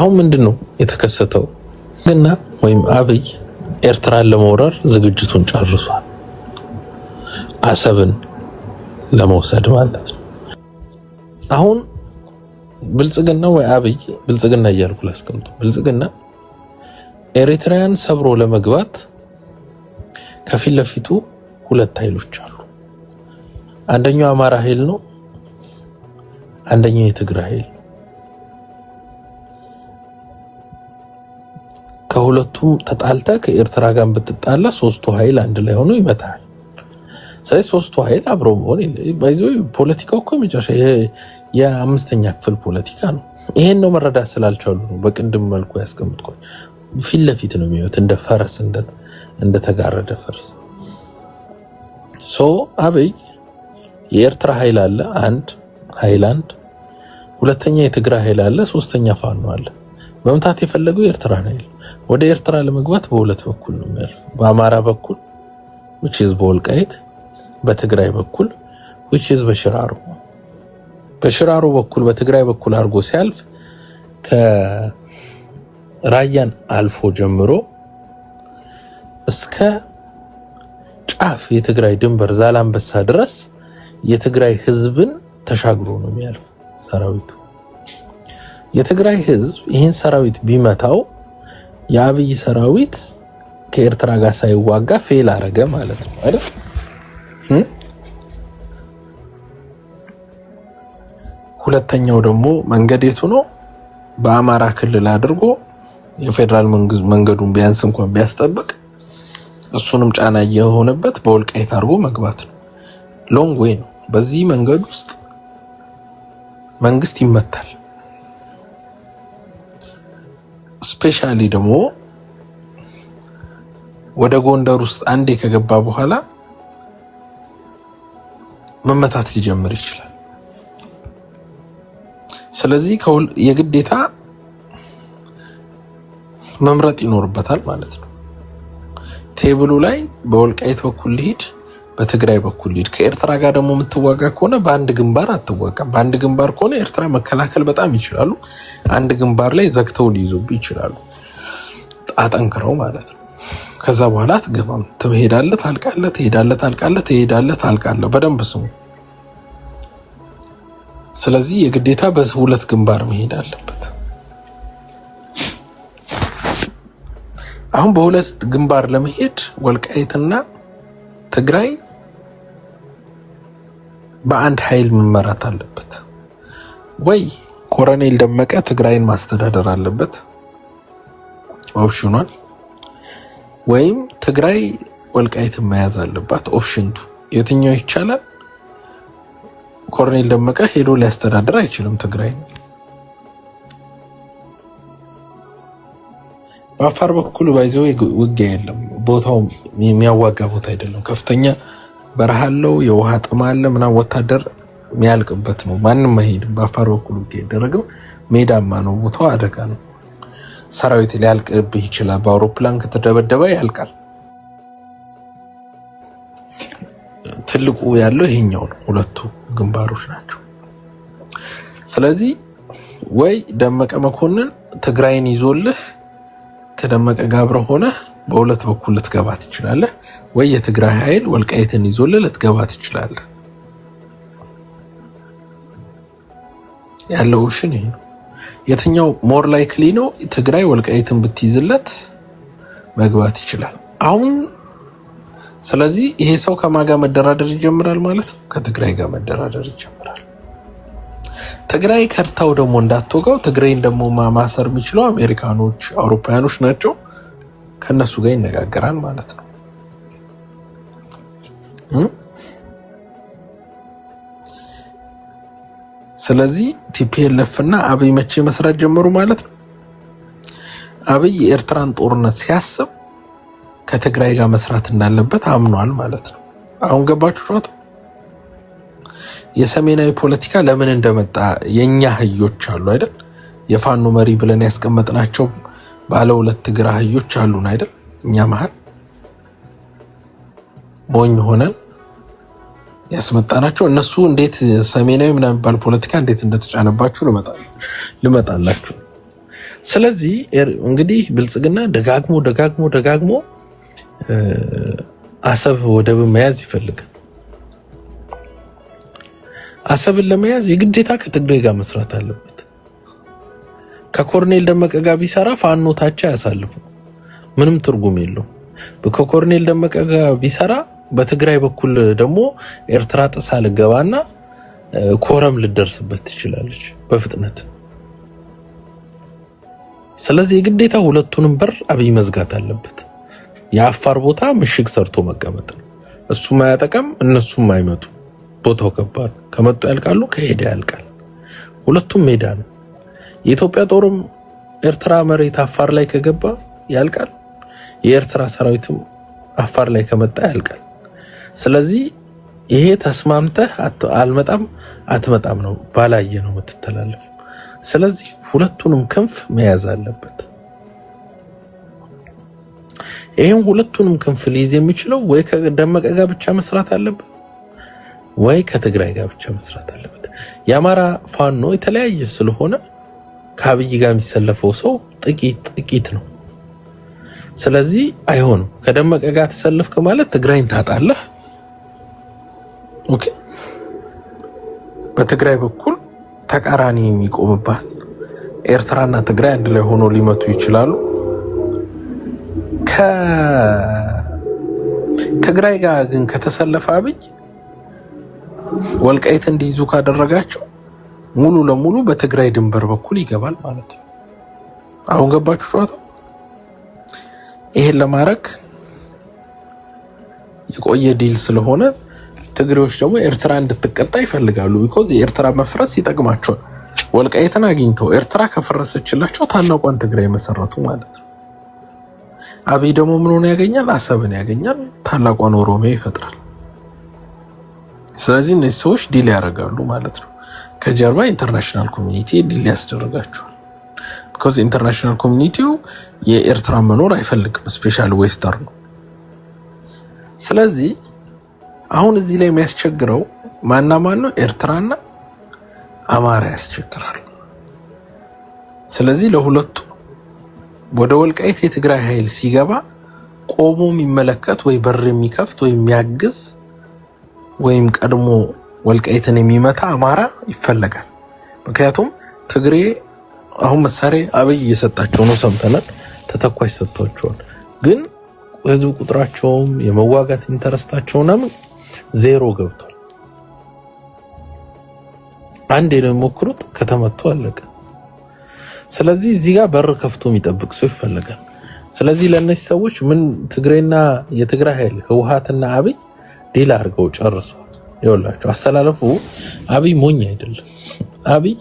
አሁን ምንድን ነው የተከሰተው? ግና ወይም አብይ ኤርትራን ለመውረር ዝግጅቱን ጨርሷል። አሰብን ለመውሰድ ማለት ነው። አሁን ብልጽግና ወይ አብይ ብልጽግና እያልኩ ላስቀምጡ። ብልጽግና ኤሪትራያን ሰብሮ ለመግባት ከፊት ለፊቱ ሁለት ኃይሎች አሉ። አንደኛው አማራ ኃይል ነው፣ አንደኛው የትግራይ ኃይል በሁለቱም ተጣልተ ከኤርትራ ጋር ብትጣላ ሶስቱ ኃይል አንድ ላይ ሆኖ ይመታል። ስለዚህ ሶስቱ ኃይል አብሮ መሆን ይዞ ፖለቲካው እኮ መጨረሻ የአምስተኛ ክፍል ፖለቲካ ነው። ይሄን ነው መረዳት ስላልቻሉ ነው በቅድም መልኩ ያስቀምጥኳ። ፊት ለፊት ነው የሚወት እንደ ፈረስ እንደተጋረደ ፈረስ። ሶ አብይ የኤርትራ ኃይል አለ አንድ ኃይል አንድ፣ ሁለተኛ የትግራይ ኃይል አለ፣ ሶስተኛ ፋኖ አለ። መምታት የፈለገው ኤርትራ ነው ያለው። ወደ ኤርትራ ለመግባት በሁለት በኩል ነው የሚያልፈው፣ በአማራ በኩል which is በወልቃይት፣ በትግራይ በኩል which is በሽራሮ። በሽራሮ በኩል በትግራይ በኩል አድርጎ ሲያልፍ ከራያን አልፎ ጀምሮ እስከ ጫፍ የትግራይ ድንበር ዛላንበሳ ድረስ የትግራይ ህዝብን ተሻግሮ ነው የሚያልፍ ሰራዊቱ። የትግራይ ህዝብ ይህን ሰራዊት ቢመታው የአብይ ሰራዊት ከኤርትራ ጋር ሳይዋጋ ፌል አረገ ማለት ነው አይደል? ሁለተኛው ደግሞ መንገድ የቱ ነው? በአማራ ክልል አድርጎ የፌዴራል መንገዱን ቢያንስ እንኳን ቢያስጠብቅ እሱንም ጫና የሆነበት በወልቃይት አድርጎ መግባት ነው። ሎንግ ዌይ ነው። በዚህ መንገድ ውስጥ መንግስት ይመታል። ስፔሻሊ ደግሞ ወደ ጎንደር ውስጥ አንዴ ከገባ በኋላ መመታት ሊጀምር ይችላል። ስለዚህ የግዴታ መምረጥ ይኖርበታል ማለት ነው። ቴብሉ ላይ በወልቃይት በኩል ሊሄድ በትግራይ በኩል ሊድ ከኤርትራ ጋር ደግሞ የምትዋጋ ከሆነ በአንድ ግንባር አትዋጋም። በአንድ ግንባር ከሆነ ኤርትራ መከላከል በጣም ይችላሉ። አንድ ግንባር ላይ ዘግተው ሊይዙብ ይችላሉ፣ አጠንክረው ማለት ነው። ከዛ በኋላ አትገባም። ትሄዳለ፣ ታልቃለ፣ ትሄዳለ፣ ታልቃለ፣ ትሄዳለ፣ ታልቃለ። በደንብ ስሙ። ስለዚህ የግዴታ በሁለት ግንባር መሄድ አለበት። አሁን በሁለት ግንባር ለመሄድ ወልቃይትና ትግራይ በአንድ ኃይል መመራት አለበት። ወይ ኮረኔል ደመቀ ትግራይን ማስተዳደር አለበት ኦፕሽኗን ወይም ትግራይ ወልቃይትን መያዝ አለባት ኦፕሽንቱ። የትኛው ይቻላል? ኮረኔል ደመቀ ሄዶ ሊያስተዳድር አይችልም ትግራይ። በአፋር በኩል ባይዘው ውጊያ የለም። ቦታው የሚያዋጋ ቦታ አይደለም። ከፍተኛ በረሃ የውሃ ጥም አለ ምናምን ወታደር የሚያልቅበት ነው። ማንም መሄድ በአፋር በኩል ውጊያ ያደረገው ሜዳማ ነው፣ ቦታው አደጋ ነው። ሰራዊት ሊያልቅብህ ይችላል። በአውሮፕላን ከተደበደበ ያልቃል። ትልቁ ያለው ይሄኛው ነው። ሁለቱ ግንባሮች ናቸው። ስለዚህ ወይ ደመቀ መኮንን ትግራይን ይዞልህ ከደመቀ ጋብረ ሆነ? ሆነህ በሁለት በኩል ልትገባ ትችላለህ። ወይ የትግራይ ኃይል ወልቃይትን ይዞልህ ልትገባ ትችላለህ። ያለው ኦፕሽን ይሄ ነው። የትኛው ሞር ላይክሊ ነው? ትግራይ ወልቃይትን ብትይዝለት መግባት ይችላል። አሁን ስለዚህ ይሄ ሰው ከማን ጋር መደራደር ይጀምራል ማለት ነው? ከትግራይ ጋር መደራደር ይጀምራል። ትግራይ ከርታው ደግሞ እንዳትወጋው ትግራይን ደግሞ ማሰር የሚችለው አሜሪካኖች፣ አውሮፓውያኖች ናቸው። ከእነሱ ጋር ይነጋገራል ማለት ነው። ስለዚህ ቲፒኤልኤፍ እና አብይ መቼ መስራት ጀመሩ ማለት ነው። አብይ የኤርትራን ጦርነት ሲያስብ ከትግራይ ጋር መስራት እንዳለበት አምኗል ማለት ነው። አሁን ገባችሁ ጨዋታ። የሰሜናዊ ፖለቲካ ለምን እንደመጣ የኛ አህዮች አሉ አይደል? የፋኖ መሪ ብለን ያስቀመጥናቸው ባለ ሁለት እግር አህዮች አሉን አይደል? እኛ መሀል ሞኝ ሆነን ያስመጣናቸው እነሱ እንዴት ሰሜናዊ ምናምን የሚባል ፖለቲካ እንዴት እንደተጫነባችሁ ልመጣላችሁ። ስለዚህ እንግዲህ ብልጽግና ደጋግሞ ደጋግሞ ደጋግሞ አሰብ ወደብ መያዝ ይፈልጋል። አሰብን ለመያዝ የግዴታ ከትግራይ ጋር መስራት አለበት። ከኮርኔል ደመቀ ጋር ቢሰራ ፋኖ ታች አያሳልፉ። ምንም ትርጉም የለው። ከኮርኔል ደመቀ ጋር ቢሰራ በትግራይ በኩል ደግሞ ኤርትራ ጥሳ ልገባና ኮረም ልደርስበት ትችላለች በፍጥነት። ስለዚህ የግዴታ ሁለቱንም በር አብይ መዝጋት አለበት። የአፋር ቦታ ምሽግ ሰርቶ መቀመጥ ነው። እሱ አያጠቀም፣ እነሱም አይመጡ። ቦታው ከባድ ከመጡ ያልቃሉ፣ ከሄደ ያልቃል። ሁለቱም ሜዳ ነው። የኢትዮጵያ ጦርም ኤርትራ መሬት አፋር ላይ ከገባ ያልቃል። የኤርትራ ሰራዊትም አፋር ላይ ከመጣ ያልቃል። ስለዚህ ይሄ ተስማምተህ አልመጣም አትመጣም ነው፣ ባላየ ነው የምትተላለፍ። ስለዚህ ሁለቱንም ክንፍ መያዝ አለበት። ይህም ሁለቱንም ክንፍ ሊይዝ የሚችለው ወይ ከደመቀ ጋር ብቻ መስራት አለበት ወይ ከትግራይ ጋር ብቻ መስራት አለበት። የአማራ ፋኖ የተለያየ ስለሆነ ከአብይ ጋር የሚሰለፈው ሰው ጥቂት ጥቂት ነው። ስለዚህ አይሆንም። ከደመቀ ጋር ተሰለፍክ ማለት ትግራይን ታጣለህ። ኦኬ፣ በትግራይ በኩል ተቃራኒ የሚቆምባል ኤርትራና ትግራይ አንድ ላይ ሆኖ ሊመቱ ይችላሉ። ከትግራይ ጋር ግን ከተሰለፈ አብይ ወልቃይት እንዲይዙ ካደረጋቸው ሙሉ ለሙሉ በትግራይ ድንበር በኩል ይገባል ማለት ነው። አሁን ገባችሁ ጨዋታ። ይሄን ለማድረግ የቆየ ዲል ስለሆነ ትግሬዎች ደግሞ ኤርትራ እንድትቀጣ ይፈልጋሉ። ቢኮዝ የኤርትራ መፍረስ ይጠቅማቸዋል። ወልቃይትን አግኝተው ኤርትራ ከፈረሰችላቸው ታላቋን ትግራይ መሰረቱ ማለት ነው። አብይ ደግሞ ምን ሆነ ያገኛል? አሰብን ያገኛል። ታላቋን ኦሮሚያ ይፈጥራል። ስለዚህ እነዚህ ሰዎች ዲል ያደርጋሉ ማለት ነው። ከጀርባ ኢንተርናሽናል ኮሚኒቲ ዲል ያስደርጋቸዋል። ቢኮዝ ኢንተርናሽናል ኮሚኒቲው የኤርትራ መኖር አይፈልግም፣ ስፔሻል ዌስተር ነው። ስለዚህ አሁን እዚህ ላይ የሚያስቸግረው ማና ማን ነው? ኤርትራና አማራ ያስቸግራል። ስለዚህ ለሁለቱ ወደ ወልቃይት የትግራይ ኃይል ሲገባ ቆሞ የሚመለከት ወይ በር የሚከፍት ወይ የሚያግዝ ወይም ቀድሞ ወልቃይትን የሚመታ አማራ ይፈለጋል። ምክንያቱም ትግሬ አሁን መሳሪያ አብይ እየሰጣቸው ነው ሰምተናል። ተተኳሽ ሰጥቷቸዋል። ግን ህዝብ ቁጥራቸውም የመዋጋት ኢንተረስታቸው ምናምን ዜሮ ገብቷል። አንድ ነው የሚሞክሩት፣ ከተመቱ አለቀ። ስለዚህ እዚህ ጋር በር ከፍቶ የሚጠብቅ ሰው ይፈለጋል። ስለዚህ ለእነዚህ ሰዎች ምን ትግሬና የትግራይ ኃይል ህወሓትና አብይ ዲል አድርገው ጨርሱ። ይወላቸው አስተላለፉ። አብይ ሞኝ አይደለም። አብይ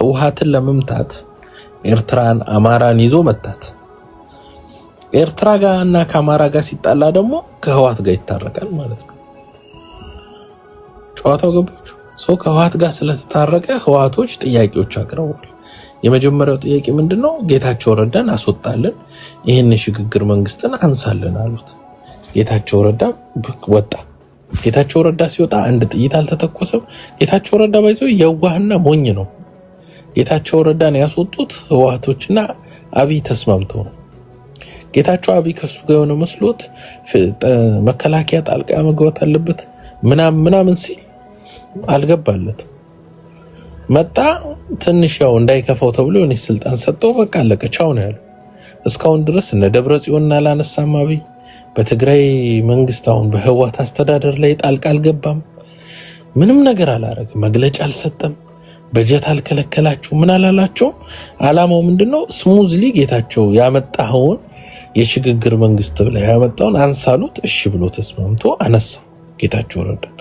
ህወሓትን ለመምታት ኤርትራን፣ አማራን ይዞ መታት። ኤርትራ ጋር እና ከአማራ ጋር ሲጣላ ደግሞ ከህወሓት ጋር ይታረቃል ማለት ነው። ጨዋታው ገባችሁ? ሰው ከህወሓት ጋር ስለተታረቀ ህወሓቶች ጥያቄዎች አቅርበዋል። የመጀመሪያው ጥያቄ ምንድነው? ጌታቸው ረዳን አስወጣለን ይህን የሽግግር መንግስትን አንሳለን አሉት። ጌታቸው ረዳ ወጣ። ጌታቸው ረዳ ሲወጣ አንድ ጥይት አልተተኮሰም። ጌታቸው ረዳ ባይዘው የዋህና ሞኝ ነው። ጌታቸው ረዳን ያስወጡት ህወሓቶችና አብይ ተስማምተው ነው። ጌታቸው አብይ ከሱ ጋር የሆነ መስሎት መከላከያ ጣልቃ መግባት አለበት ምናምን ምናምን ሲል አልገባለትም። መጣ ትንሽ ያው እንዳይከፋው ተብሎ የሆነ ስልጣን ሰጠው። በቃ አለቀ፣ ቻው ነው ያለው። እስካሁን ድረስ እነ ደብረ ጽዮን አላነሳም አብይ በትግራይ መንግስት አሁን በህወሓት አስተዳደር ላይ ጣልቃ አልገባም። ምንም ነገር አላረግም። መግለጫ አልሰጠም። በጀት አልከለከላችሁ፣ ምን አላላቸው። አላማው ምንድነው? ስሙዝሊ ጌታቸው ያመጣኸውን የሽግግር መንግስት ብለህ ያመጣውን አንሳሉት። እሺ ብሎ ተስማምቶ አነሳ ጌታቸው ረዳ።